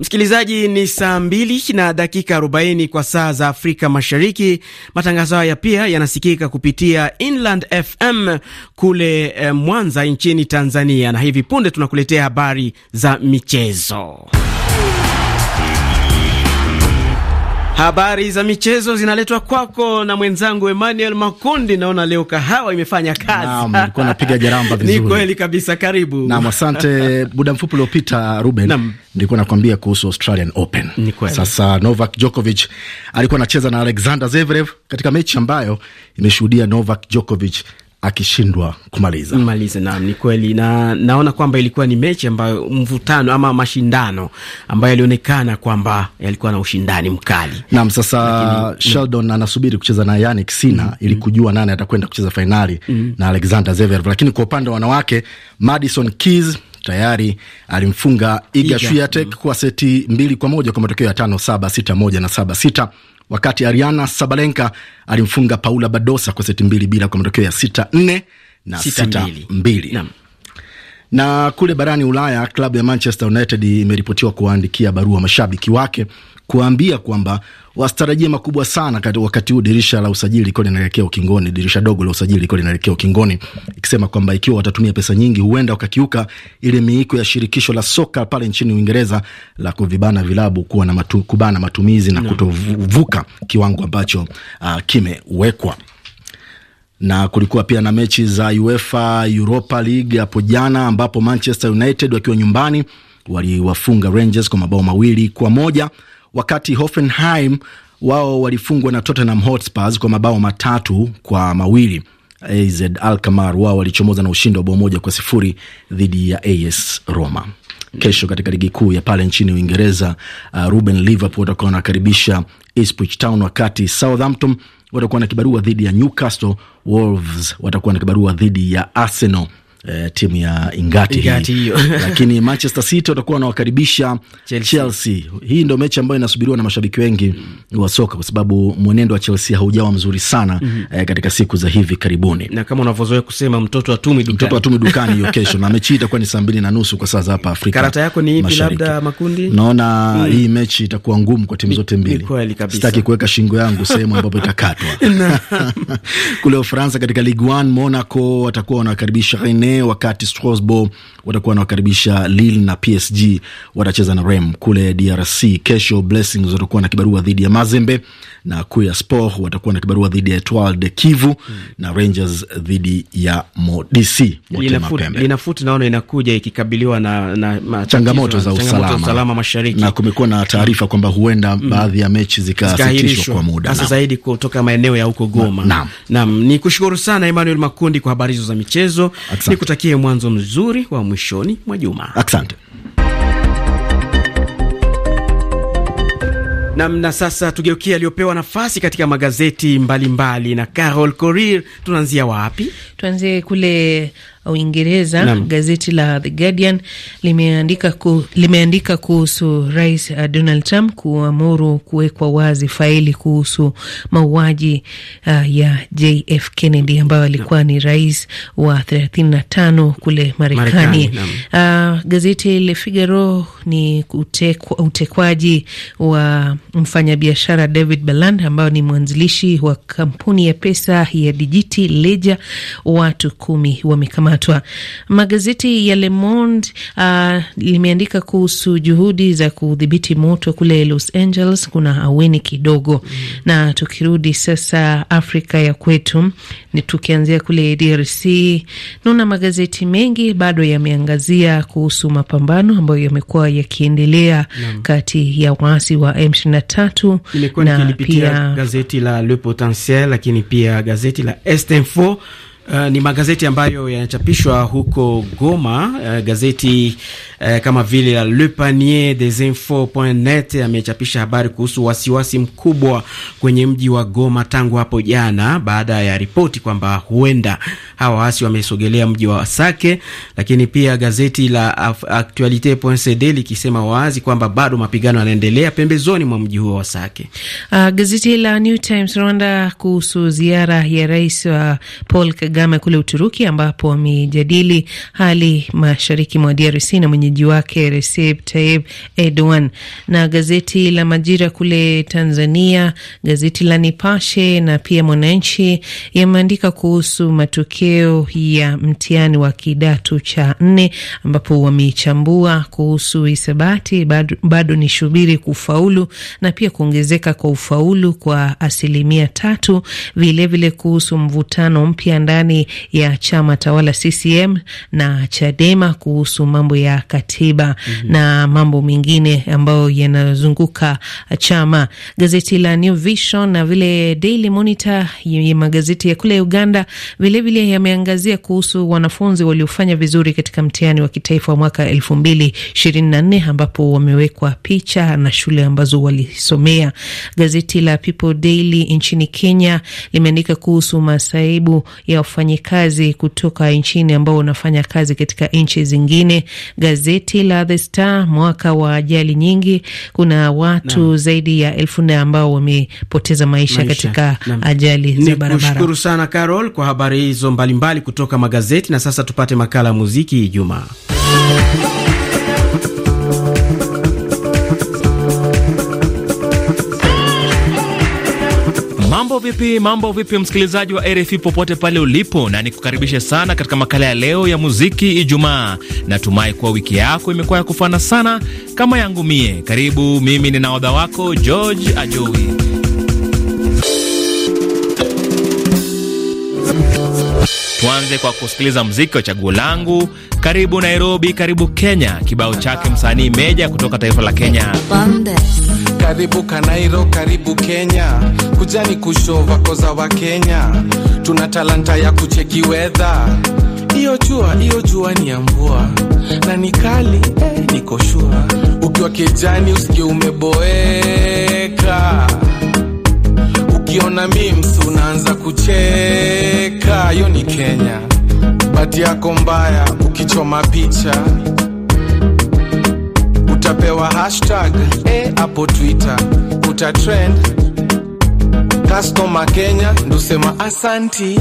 Msikilizaji, ni saa mbili na dakika 40 kwa saa za Afrika Mashariki. Matangazo haya pia yanasikika kupitia Inland FM kule eh, Mwanza nchini Tanzania, na hivi punde tunakuletea habari za michezo. Habari za michezo zinaletwa kwako na mwenzangu Emmanuel Makundi. Naona leo kahawa imefanya kazi. Naam, nilikuwa napiga jaramba vizuri. Ni kweli kabisa, karibu. Naam, asante. Muda mfupi uliopita, Ruben, nilikuwa nakwambia kuhusu Australian Open. Ni kweli. Sasa Novak Djokovic alikuwa anacheza na Alexander Zverev katika mechi ambayo imeshuhudia Novak Djokovic akishindwa kumaliza maliza. Naam, ni kweli, na naona kwamba ilikuwa ni mechi ambayo mvutano ama mashindano ambayo yalionekana kwamba yalikuwa na ushindani mkali. Naam, sasa Lakini, Sheldon anasubiri kucheza na Yannick Sinner mm ili kujua nani atakwenda kucheza fainali mm na Alexander Zverev. Lakini kwa upande wa wanawake Madison Keys tayari alimfunga Iga Swiatek mm kwa seti mbili kwa moja kwa matokeo ya tano saba sita moja na saba sita wakati Ariana Sabalenka alimfunga Paula Badosa kwa seti mbili bila kwa matokeo ya sita nne na sita, sita mbili, mbili. Na. Na kule barani Ulaya klabu ya Manchester United imeripotiwa kuwaandikia barua mashabiki wake kuambia kwamba wasitarajie makubwa sana kati wakati huu dirisha la usajili likiwa linaelekea ukingoni, dirisha dogo la usajili likiwa linaelekea ukingoni, ikisema kwamba ikiwa watatumia pesa nyingi, huenda wakakiuka ile miiko ya shirikisho la soka pale nchini Uingereza la kuvibana vilabu kuwa na matu, kubana matumizi na kutovuka kiwango ambacho uh, kimewekwa na kulikuwa pia na mechi za UEFA Europa League hapo jana ambapo Manchester United wakiwa nyumbani waliwafunga Rangers kwa mabao mawili kwa moja wakati Hoffenheim wao walifungwa na Tottenham Hotspurs kwa mabao matatu kwa mawili. AZ Alkmaar wao walichomoza na ushindi wa bao moja kwa sifuri dhidi ya AS Roma. Kesho katika ligi kuu ya pale nchini Uingereza, uh, Ruben Liverpool watakuwa wanakaribisha Ipswich Town, wakati Southampton watakuwa na kibarua dhidi ya Newcastle. Wolves watakuwa na kibarua dhidi ya Arsenal eh, timu ya Ingati, Ingati hii. Lakini Manchester City watakuwa wanawakaribisha Chelsea. Chelsea. Hii ndio mechi ambayo inasubiriwa na mashabiki wengi mm. wa soka kwa sababu mwenendo wa Chelsea haujawa mzuri sana mm -hmm. eh, katika siku za hivi karibuni, na kama unavyozoea kusema mtoto atumi dukani, mtoto atumi dukani hiyo kesho, na mechi hii itakuwa ni saa mbili na nusu kwa saa za hapa Afrika. Karata yako ni ipi? Labda makundi, naona mm. hii mechi itakuwa ngumu kwa timu zote mbili. Sitaki kuweka shingo yangu sehemu ambapo itakatwa. Kule Ufaransa katika Ligue 1 Monaco watakuwa wanawakaribisha Rennes Jumanne, wakati Strasbourg watakuwa wanawakaribisha Lille na PSG watacheza na Rem kule DRC. Kesho Blessings watakuwa na kibarua dhidi ya Mazembe na Kuya Sport watakuwa na kibarua dhidi ya Etoile de Kivu hmm. na Rangers dhidi ya Modisi Linafuti naona inakuja ikikabiliwa na, na, changamoto za usalama, usalama mashariki, na kumekuwa na taarifa kwamba huenda hmm. baadhi ya mechi zikasitishwa kwa muda hasa zaidi kutoka maeneo ya huko Goma. Naam, ni kushukuru sana Emmanuel Makundi kwa habari hizo za michezo nikutakie mwanzo mzuri wa mwishoni mwa juma. Asante. Namna sasa, tugeukia aliyopewa nafasi katika magazeti mbalimbali mbali. Na Carol Korir, tunaanzia wapi? Tuanzie kule Uingereza, Naam. Gazeti la The Guardian limeandika, ku, limeandika kuhusu Rais uh, Donald Trump kuamuru kuwekwa wazi faili kuhusu mauaji uh, ya JF Kennedy ambayo alikuwa ni rais wa 35 kule Marekani. Uh, gazeti Le Figaro ni utekwa, utekwaji wa mfanyabiashara David Baland ambayo ni mwanzilishi wa kampuni ya pesa ya dijiti Leja. Watu kumi wamekamata kukamatwa. Magazeti ya Le Monde uh, limeandika kuhusu juhudi za kudhibiti moto kule Los Angeles, kuna aweni kidogo mm. Na tukirudi sasa Afrika ya kwetu, ni tukianzia kule DRC, naona magazeti mengi bado yameangazia kuhusu mapambano ambayo yamekuwa yakiendelea kati ya waasi wa M23 na pia gazeti la Le Potentiel, lakini pia gazeti la Estinfo Uh, ni magazeti ambayo yanachapishwa huko Goma. Uh, gazeti uh, kama vile la Le Panier des Infos.net amechapisha habari kuhusu wasiwasi mkubwa kwenye mji wa Goma tangu hapo jana baada ya ripoti kwamba huenda hawa waasi wamesogelea mji wa Sake, lakini pia gazeti la Actualite.cd likisema wazi kwamba bado mapigano yanaendelea pembezoni mwa mji huo wa Sake. Uh, gazeti la New Times Rwanda kuhusu ziara ya rais wa Paul Kagame Kagame kule Uturuki, ambapo wamejadili hali mashariki mwa DRC na mwenyeji wake Recep Tayyip Erdogan. Na gazeti la Majira kule Tanzania, gazeti la Nipashe na pia Mwananchi yameandika kuhusu matokeo ya mtihani wa kidato cha nne, ambapo wamechambua kuhusu hisabati bado, bado ni shubiri kufaulu na pia kuongezeka kwa ufaulu kwa asilimia tatu, vilevile kuhusu mvutano mpya ndani ndani ya chama tawala CCM na Chadema kuhusu mambo ya katiba mm -hmm. na mambo mengine ambayo yanazunguka chama. Gazeti la New Vision na vile Daily Monitor, magazeti ya kule Uganda vilevile yameangazia kuhusu wanafunzi waliofanya vizuri katika mtihani wa kitaifa wa mwaka elfu mbili ishirini na nne ambapo wamewekwa picha na shule ambazo walisomea. Gazeti la People Daily nchini Kenya limeandika kuhusu masaibu ya wafanyikazi kutoka nchini ambao wanafanya kazi katika nchi zingine. Gazeti la The Star, mwaka wa ajali nyingi, kuna watu Naam. zaidi ya elfu nne ambao wamepoteza maisha, maisha katika Naam. ajali za barabara. Nikushukuru sana Carol kwa habari hizo mbalimbali kutoka magazeti, na sasa tupate makala ya muziki Ijumaa. vipi, mambo vipi msikilizaji wa RFI popote pale ulipo, na nikukaribishe sana katika makala ya leo ya muziki Ijumaa. Natumai kuwa wiki yako imekuwa ya kufana sana kama yangu mie. Karibu, mimi ni nahodha wako George Ajowi. Tuanze kwa kusikiliza mziki wa chaguo langu. Karibu Nairobi, karibu Kenya, kibao chake msanii Meja kutoka taifa la Kenya. Karibu Kanairo, karibu Kenya, kujani kushova koza wa Kenya, tuna talanta ya kucheki wedha hiyo jua hiyo jua ni ya mvua na ni kali eh, niko shua ukiwa kijani usikie umeboeka ukiona memes unaanza kucheka, hiyo ni Kenya. bati yako mbaya, ukichoma picha utapewa hashtag hapo eh, Twitter utatrend. Customer Kenya ndusema asanti,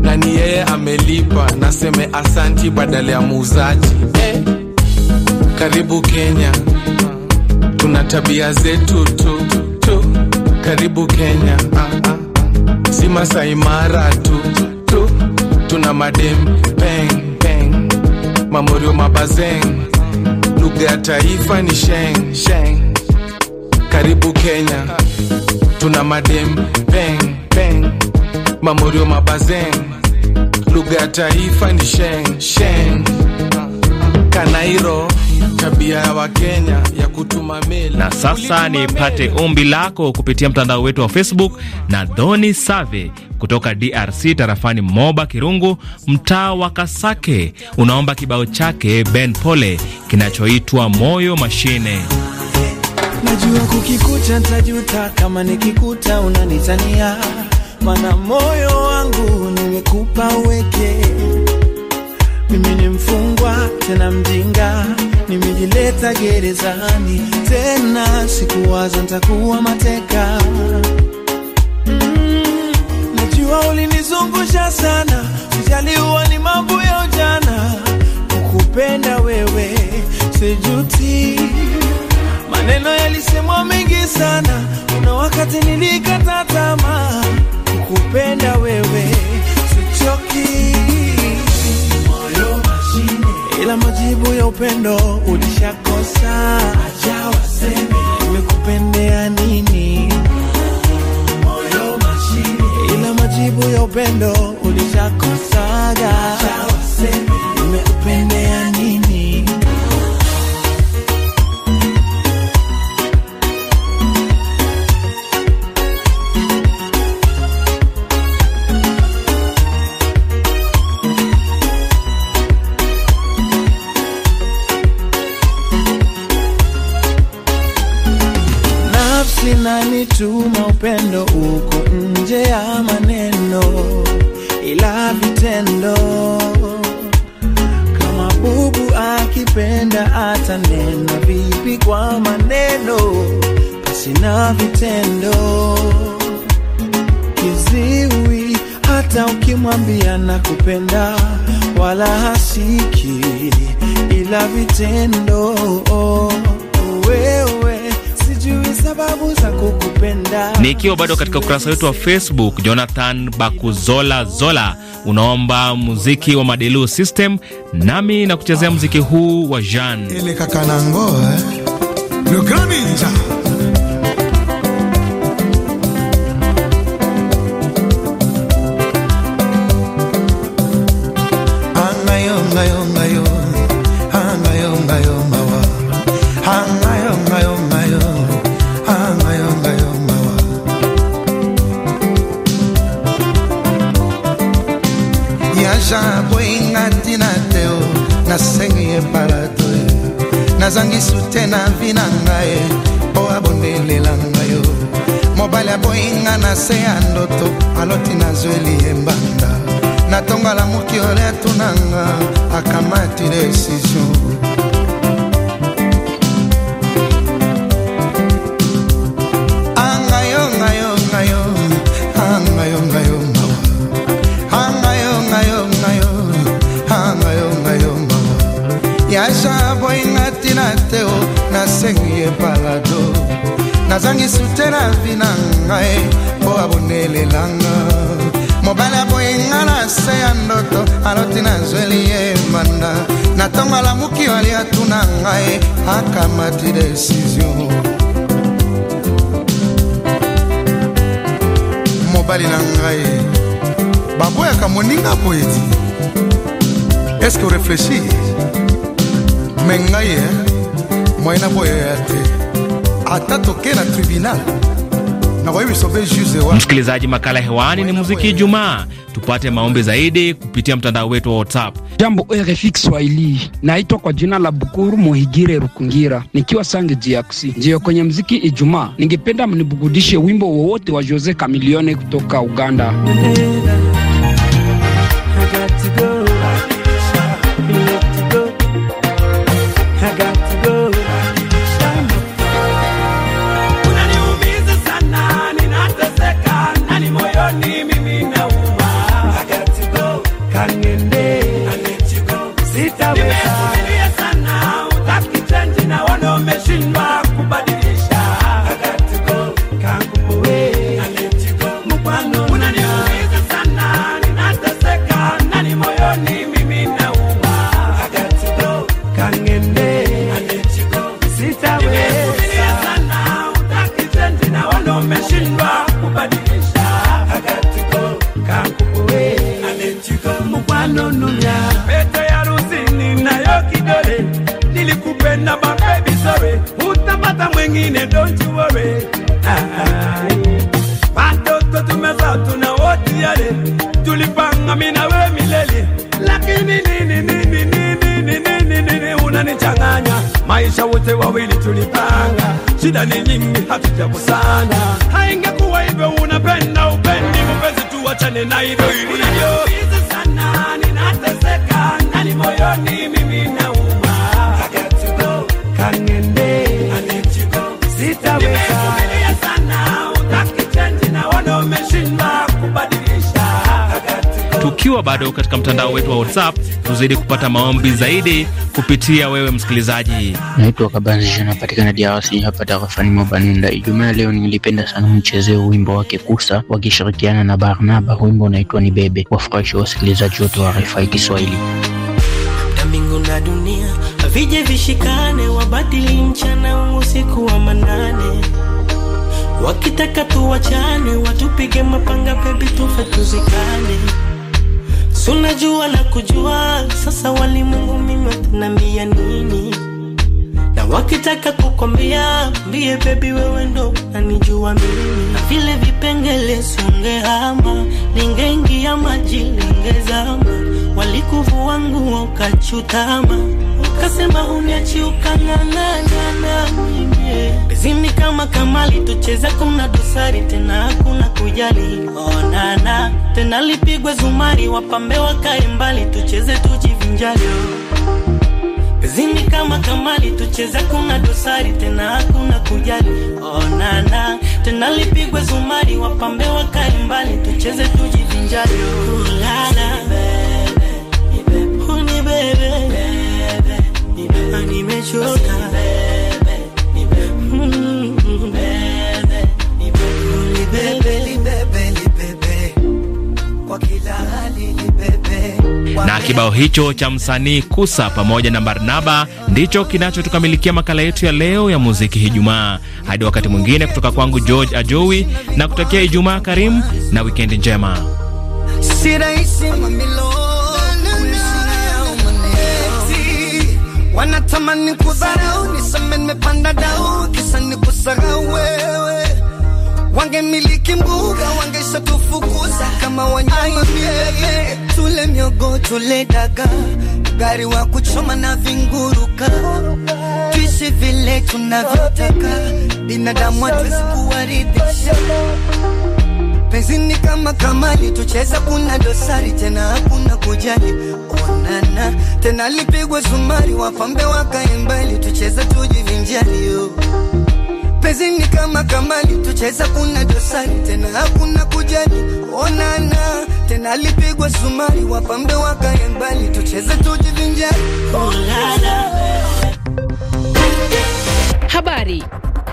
nani yeye amelipa, naseme asanti badala ya muuzaji eh. Karibu Kenya, tuna tabia zetu tu tu karibu Kenya, si Masai Mara tu, tu tuna madem peng peng, mamorio mabazeng, lugha ya taifa ni sheng sheng. Karibu Kenya, tuna madem peng peng, mamorio mabazeng, lugha ya taifa ni sheng sheng. Kanairo tabia ya Wakenya ya kutuma meli. Na sasa nipate ombi lako kupitia mtandao wetu wa Facebook na Doni Save kutoka DRC tarafani Moba Kirungu, mtaa wa Kasake, unaomba kibao chake Ben Pole kinachoitwa Moyo Mashine. Najua kukikuta ntajuta, kama nikikuta unanitania, mana moyo wangu nimekupa uweke. Mimi ni mfungwa tena mjinga nimejileta gerezani tena, sikuwaza nitakuwa mateka. Mm, najua ulinizungusha sana, sijaliwa ni mambo ya ujana. kukupenda wewe sijuti, maneno yalisemwa mengi sana, kuna wakati nilikata tamaa. Kukupenda wewe sichoki ila majibu ya upendo ulishakosa. Acha waseme nimekupendea nini, moyo mashine, ila majibu ya upendo ulishakosaga. Acha waseme Tuma upendo uko nje ya maneno, ila vitendo. Kama bubu akipenda, atanena vipi kwa maneno pasina vitendo? Kiziwi hata ukimwambia na kupenda wala hasiki, ila vitendo. Oh, oh, oh, wewe sijui sababu za kuku Nikiwa bado katika ukurasa wetu wa Facebook, Jonathan Bakuzola Zola unaomba muziki wa madeluu System, nami na kuchezea muziki huu wa Jean naja boyinga ntina te o nasengi eparato e. nazangi sute na vi na ngai mpo abondelela ngai o mobali aboyinga na se ya ndoto aloti nazweli embanda natongola moki ole atunanga akamati desizio niaza boyinga ntina te o nasengi epalado nazangi sute na vi na ngai mpo abonelelanga mobali aboyinga na se ya ndoto aloti nazweli ye manda na ntongo alamuki ali atuna ngai akamati desizio mobali na ngai baboyaka moninga boyeti eske oreflechir me ngai e na boyo ya te ata tokee na tribunal Msikilizaji, makala hewani ni muziki Ijumaa. Tupate maombi zaidi kupitia mtandao wetu wa WhatsApp. Jambo RFI Kiswahili, naitwa kwa jina la Bukuru Muhigire Rukungira, nikiwa Sange GX. Ndiyo, kwenye mziki Ijumaa ningependa mnibugudishe wimbo wowote wa Jose Kamilione kutoka Uganda. maisha wote wawili tulipanga, shida ni nyingi hatujakosana. Haingekuwa hivyo, unapenda upendi, mpenzi, tuachane na hivyo ilivyo sana, ninateseka ndani moyoni, mimi nauma, kangende sitaweza tukiwa bado katika mtandao wetu wa WhatsApp tuzidi kupata maombi zaidi kupitia wewe msikilizaji. Naitwa Kabanzi, napatikana DRC hapa tarafani Mobaninda. Ijumaa leo nilipenda sana mchezeo wimbo wake Kusa wakishirikiana na Barnaba, wimbo unaitwa ni Bebe. Wafurahishe wasikilizaji wote wa RFI Kiswahili. Mbingu na dunia vije vishikane, wabadili mchana usiku wa manane, wakitaka tuwachane, watupige mapanga, bebi tufe tuzikane sunajua na kujua sasa walimungu mimi watanambia nini na wakitaka kukwambia mbie bebi wewe ndo unanijua mimi na vile vipengele hama ungeingia maji lingezama, walikuvua nguo ukachutama, ukasema huniachi, mime mimi kama kamali, tucheze kuna dosari tena, hakuna kujali, onana tena, lipigwe zumari, wapambe wakae mbali, tucheze tujivinjali Kazini kama kamali, tucheze kuna dosari tena, hakuna kujali. Onana oh, tena, lipigwe zumari, wapambe wakali mbali, tucheze tujivinjari. Ulala Kibao hicho cha msanii Kusa pamoja na Barnaba ndicho kinachotukamilikia makala yetu ya leo ya muziki Ijumaa. Hadi wakati mwingine, kutoka kwangu George Ajowi na kutakia Ijumaa karimu na wikendi njema. Wanatamani kudharau niseme nimepanda dau, kisa wewe, wangemiliki mbuu Yesu tufukuza kama wanyama, tule miogo, tule daga, gari wa kuchoma na vinguruka, tuishi vile tunavyotaka, binadamu hatuwezi kuwaridhisha. Penzi ni kama kamali, tucheza kuna dosari tena, hakuna kujali onana tena, lipigwa sumari wafambe wakae mbali, tucheza tujivinjali yo Mapenzi ni kama kamali, tucheza kuna dosari tena, hakuna kujali, onana tena, alipigwa sumari, wapambe wakae mbali, tucheze tujivinjari, onana habari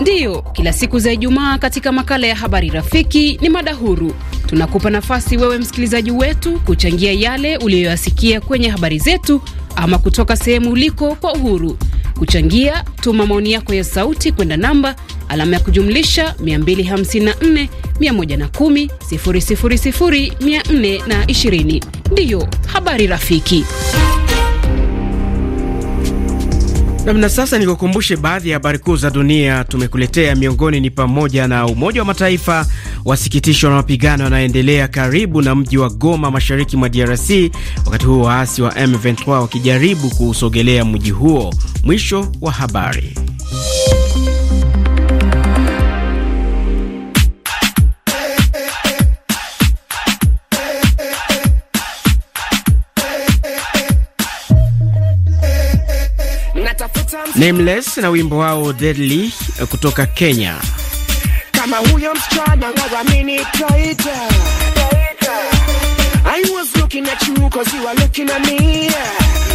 ndiyo kila siku za Ijumaa katika makala ya habari rafiki ni mada huru. Tunakupa nafasi wewe msikilizaji wetu kuchangia yale uliyoyasikia kwenye habari zetu ama kutoka sehemu uliko kwa uhuru. Kuchangia, tuma maoni yako ya sauti kwenda namba alama ya kujumlisha 254 110 000 420. Ndiyo habari rafiki. Namna sasa, nikukumbushe baadhi ya habari kuu za dunia tumekuletea. Miongoni ni pamoja na Umoja wa Mataifa wasikitishwa na mapigano yanayoendelea karibu na mji wa Goma mashariki mwa DRC, wakati huo waasi wa M23 wakijaribu kuusogelea mji huo. Mwisho wa habari. Nameless na wimbo wao Deadly kutoka Kenya. From a Williams Jordan got a minute later. I was looking at you cause you were looking at me. Yeah.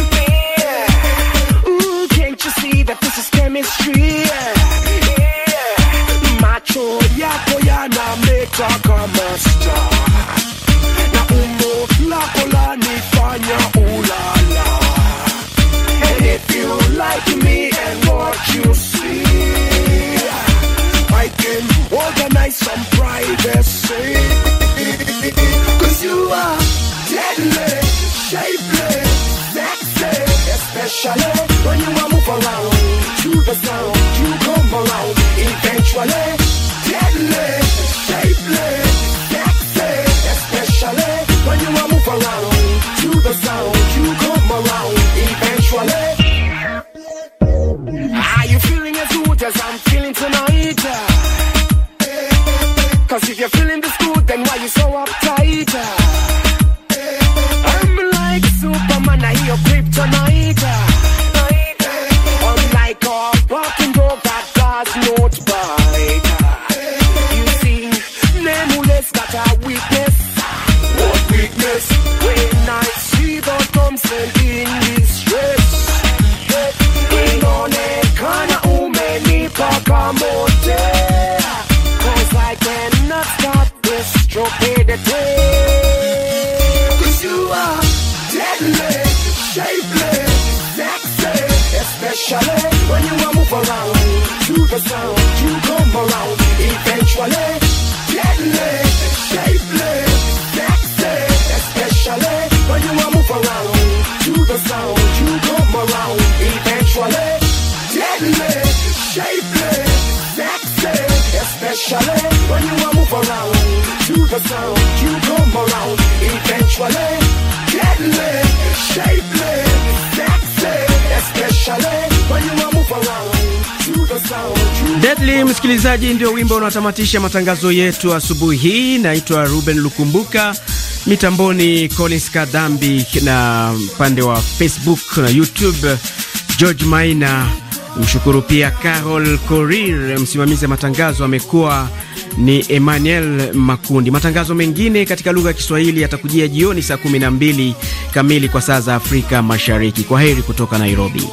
pamoja Cause I cannot stop this stupidity Cause you are deadly, shapeless, sexy Especially when you are move around to the sound You come around eventually the sound. You come around eventually, shapely, sexy, especially when you move around. Deadly msikilizaji, ndio wimbo unaotamatisha matangazo yetu asubuhi hii. Naitwa Ruben Lukumbuka, mitamboni Collins Kadhambi, na upande wa Facebook na YouTube George Maina. Mshukuru pia Carol Korir, msimamizi wa matangazo amekuwa ni Emmanuel Makundi. Matangazo mengine katika lugha ya Kiswahili yatakujia jioni saa 12 kamili kwa saa za Afrika Mashariki. Kwa heri kutoka Nairobi.